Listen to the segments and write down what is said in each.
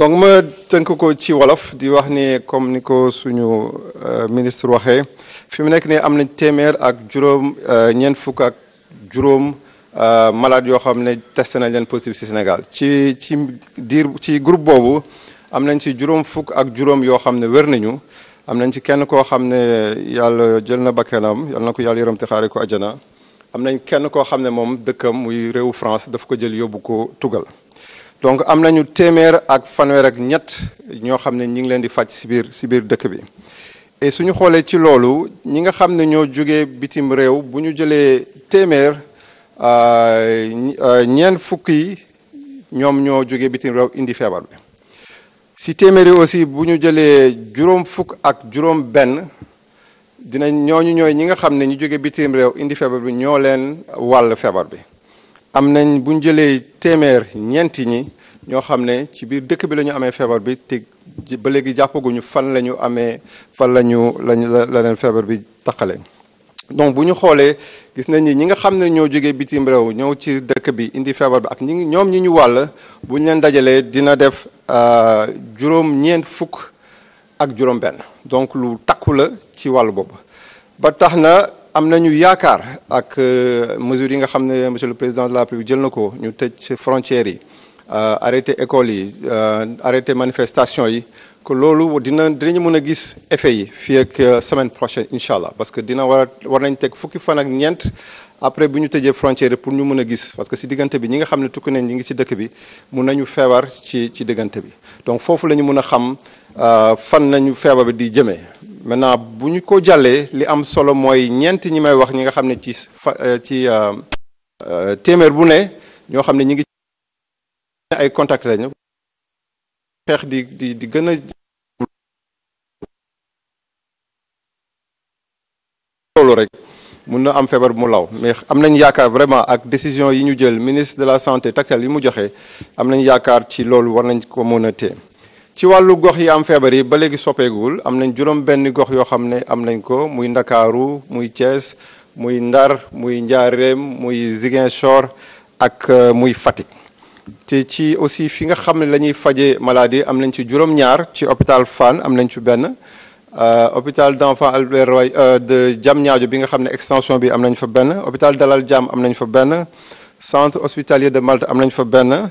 donc ma tënk ko ci wolof di wax ni comme ni ko suñu euh, ministre waxee fi mu nekk nii am nañ téeméer ak juróom euh, ñeent fukk ak juróom euh, malade yoo xam ne testé nañ leen positif ci Sénégal ci ci diir ci groupe boobu am nañ ci juróom fukk ak juróom yoo xam ne wér nañu am nañ ci kenn koo xam ne yàlla jël na bakkenam yàlla na ko yàlla yërëm te xaare ko ajana am nañ kenn koo xam ne moom dëkkam muy réewu France daf ko jël yóbbu ko tugal donc am nañu téeméer ak fanweer ak ñett ñoo xam ne ñi ngi leen di faj si biir si biir dëkk bi et suñu xoolee ci loolu ñi nga xam ne ñoo jógee bitim réew bu ñu jëlee téeméer euh, euh, ñeent fukk yi ñoom ñoo jógee bitim réew indi feebar bi si téeméer yi aussi bu ñu jëlee juróom fukk ak juróom benn ñoo ñu ñooy ñi nga xam ne ñu jógee bitim réew indi feebar bi ñoo leen wàll feebar bi am nañ bu ñu jëlee téeméer ñeenti ñi ñoo xam ne ci biir dëkk bi la ñu amee feebar bi te ba léegi jàppaguñu fan la ñu amee fan la ñu lañ la leen feebar bi taqale donc bu ñu xoolee gis nañ ni ñi nga xam ne ñoo jógee bitim réew ñëw ci dëkk bi indi feebar bi ak ñi ñoom ñi ñu wàll bu ñu leen dajalee dina def euh, juróom-ñeent fukk ak juróom-benn donc lu takku la ci wàll boobu ba tax na. am na ñu yaakaar ak euh, mesures yi nga xam ne monsieur le président de la République jël na ko ñu tëj frontières yi euh, arrêté écoles yi euh, arrêté manifestation yi que loolu dina dinañu mën a gis effet yi fii ak semaine prochaine incha allah parce que dina war a war nañ teg fukki fan ak ñeent après bu ñu tëjee frontière pour ñu mën a gis parce que si diggante bi ñi nga xam ne tukki nañ ñi ngi si dëkk bi mun nañu feebar ci ci diggante bi donc foofu la ñu mën a xam fan nañu feebar bi di jëmee. maintenant bu ko jallé li am solo moy ñent ñi may wax ñi nga xam ci euh, ci euh, euh, téeméer bu né ño xamné ñi ngi ay contact lañu xeex di di di gën a rek mën na am feebar mu law mais am nañ yaakaar vraiment ak décision yi ñu jël ministre de la santé tactile yi mu joxé am nañ yaakaar ci loolu war nañ ko mëna a ci wàllu gox yi am feebar yi ba léegi soppeegul am nañ juróom benn gox yoo xam ne am nañ ko muy ndakaaru muy Thiès muy Ndar muy Njaareem muy Ziguinchor ak euh, muy Fatick te ci aussi fi nga xam ne la ñuy faje maladie am nañ ci juróom-ñaar ci hôpital fan am nañ ci benn euh, hôpital d'enfants Albert Roy euh, de ñaajo bi nga xam ne extension bi am nañ fa benn hôpital Dalal Jamm am nañ fa benn centre hospitalier de Malte am nañ fa benn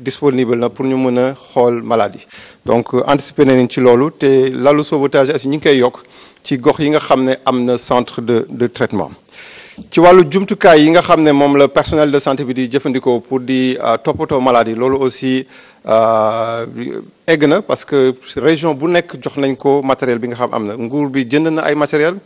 disponible na pour ñu mën a maladie donc euh, anticiper nañ ci loolu te lalu sauvetage aussi ñu ngi koy ci gox yi nga centre de de traitement ci wàllu jumtukaay yi nga xam mom le personnel de santé bi di jëfandikoo pour di euh, topoto maladie loolu aussi euh, egg na parce que région bu nek jox nañ ko matériel bi nga xam amna na nguur bi jënd na ay matériel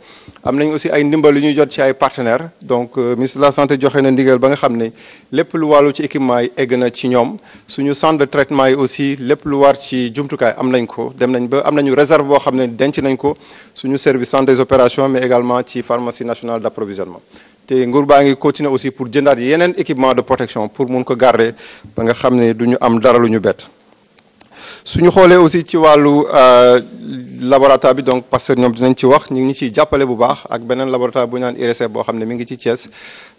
am nañ aussi ay ndimbal yu ñu jot ci ay partenaires donc euh, ministre de la santé joxe na ndigal ba nga xam ne lépp lu walu ci équipement yi egg na ci ñoom suñu centre de traitement yi aussi lépp lu war ci jumtukaay am nañ ko dem nañ ba am nañu réserve boo xam ne denc nañ ko suñu service centre des opérations mais également ci pharmacie nationale d'approvisionnement té nguur baa continuer aussi pour jëndaat yeneen équipement de protection pour mun ko garder ba nga xamné duñu am dara lu ñu suñu xolé aussi ci wàllu euh, laboratoire bi donc Pasteur ñom dinañ ci wax ñi ngi ci jappalé bu baax ak benen laboratoire bu ñaan naan IRC boo xam mi ngi ci Thiès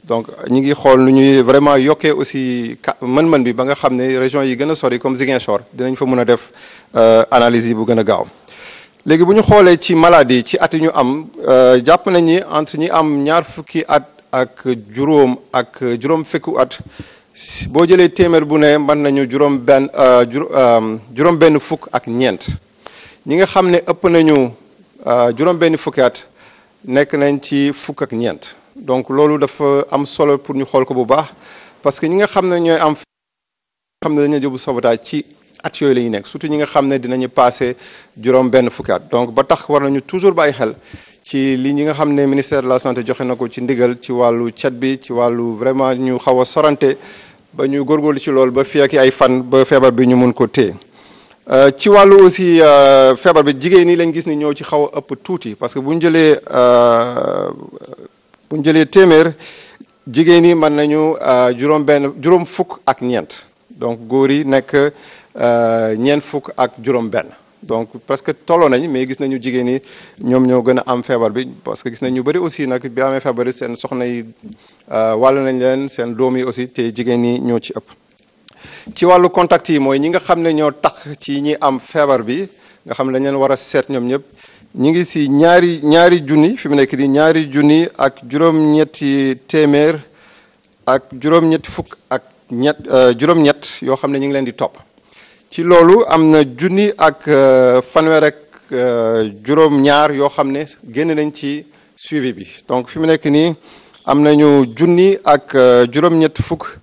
donc ñi ngi xol nu ñuy vraiment yoké aussi man man bi ba nga xamné région yi gëna sori comme Ziguinchor dinañ fa mëna def euh analyse bu gëna gaaw légui buñu xolé ci maladie ci at ñu am euh, japp nañ ni entre ñi am ñaar fukki at ak juróom ak juróom fekku at boo jëlee téeméer bu ne mën nañu juróom benn euh, euh, juróom benn fukk ak ñeent ñi nga xam ne ëpp nañu euh, juróom benn fukki at nekk nañ ci fukk ak ñeent donc loolu dafa am solo pour ñu xool ko bu baax parce que ñi nga xam ne ñooy am xam ne dañu jëbu sabotage ci at yooyu la ñu nekk surtout ñi nga xam ne dinañu passé juróom benn fukki at donc ba tax war nañu toujours bàyyi xel ci li ñi nga xam ne ministère de la santé joxe na ko ci ndigal ci wàllu cat bi ci wàllu vraiment ñu xaw a sorante ba ñu góorgóorlu ci lool ba fii ak ay fan ba feebar bi ñu mun ko téye euh, ci wàllu aussi euh, feebar bi jigéen ñi lañ gis ni ñoo ci xaw a ëpp tuuti parce que bu ñu jëlee euh, bu ñu téeméer jigéen ñi mën nañu juróom benn juróom fukk ak ñeent donc góor yi nekk ñeent fukk ak juróom benn donc parce que tolloo nañ mais gis nañu jigéen ñi am feebar bi parce que gis nañ bari bëri aussi nag bi amee feebar seen soxna yi euh, wàll nañ leen seen doom aussi te jigéen ñi ñoo ci ëpp. ci wàllu contact yi mooy ñi nga tax ci ñi am feebar bi nga xam nyom dañ leen war a seet ñëpp ñi ngi si ñaari ñaari Juni, fi mu nekk nii ñaari ak juróom-ñetti téeméer ak juróom-ñetti fuk, ak ñett euh, juróom-ñett yoo xam ngi leen di top. ci loolu am na junni ak euh, fanweer ak euh, juróom-ñaar yoo xam ne génn nañ ci suivi bi donc fi mu nekk nii am nañu junni ak euh, juróom-ñett fukk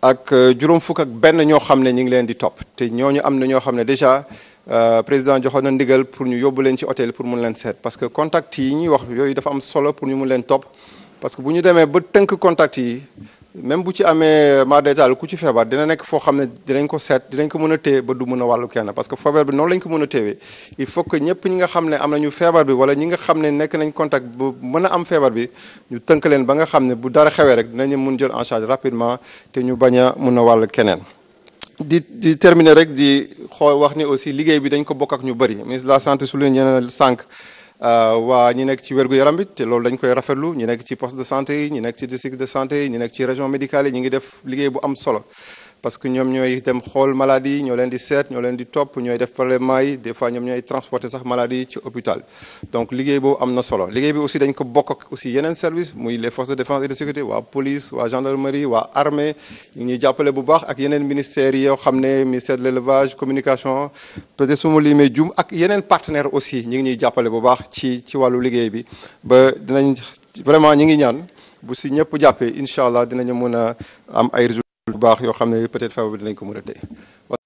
ak juróom fukk ak benn ñoo xam ne ñu ngi leen di topp te ñoo ñu am na ñoo xam ne déjà président joxoon na ndigal pour ñu yóbbu leen ci hôtel pour mu leen seet parce que contact yi ñuy wax yooyu dafa am solo pour ñu mun leen topp parce que bu ñu demee ba tënk contact yi même bu ci amee ma détail ku ci feebar dina nekk foo xam ne dinañ ko seet dinañ ko mën a téye ba du mën a wàllu kenn parce que feebar bi noonu lañ ko mën a téewee il faut que ñëpp ñi nga xam ne am nañu feebar bi wala ñi nga xam ne nekk nañ contact bu mën a am feebar bi ñu tënk leen ba nga xam ne bu dara xewee rek dinañu mun jël en charge rapidement te ñu bañ a mun a wàll keneen. di di terminer rek di xool wax ni aussi liggéey bi dañ ko bokk ak ñu bëri ministre de la santé souligné na sànq. Euh, waa ñi nekk ci wérgu yaram bi te loolu dañ koy rafetlu ñi nekk ci poste de santé yi ñi nekk ci district de santé yi ci région médicale yi ñi def liggéey bu am solo parce que ñom ñoy dem xol maladie yi ñoo leen di seet ñoo leen di top ñoy def prélèvement yi des fois ñom ñoy transporter sax maladie ci hôpital donc liguey bo amna solo liguey bi aussi dañ ko bokk aussi yenen service muy les forces de défense et de sécurité wa police wa gendarmerie wa armée ñi ñuy jàppale bu baax ak yenen ministères yo xamné ministère de l'élevage communication peut-être su ma djum ak yenen partenaires aussi ñi ñi jappalé bu baax ci ci walu liguey bi ba dinañ vraiment ñi ngi ñaan bu si ñepp jappé inshallah dinañ mëna am ay baax yoo xam ne peut-être faaw bi dinañ ko mën a téye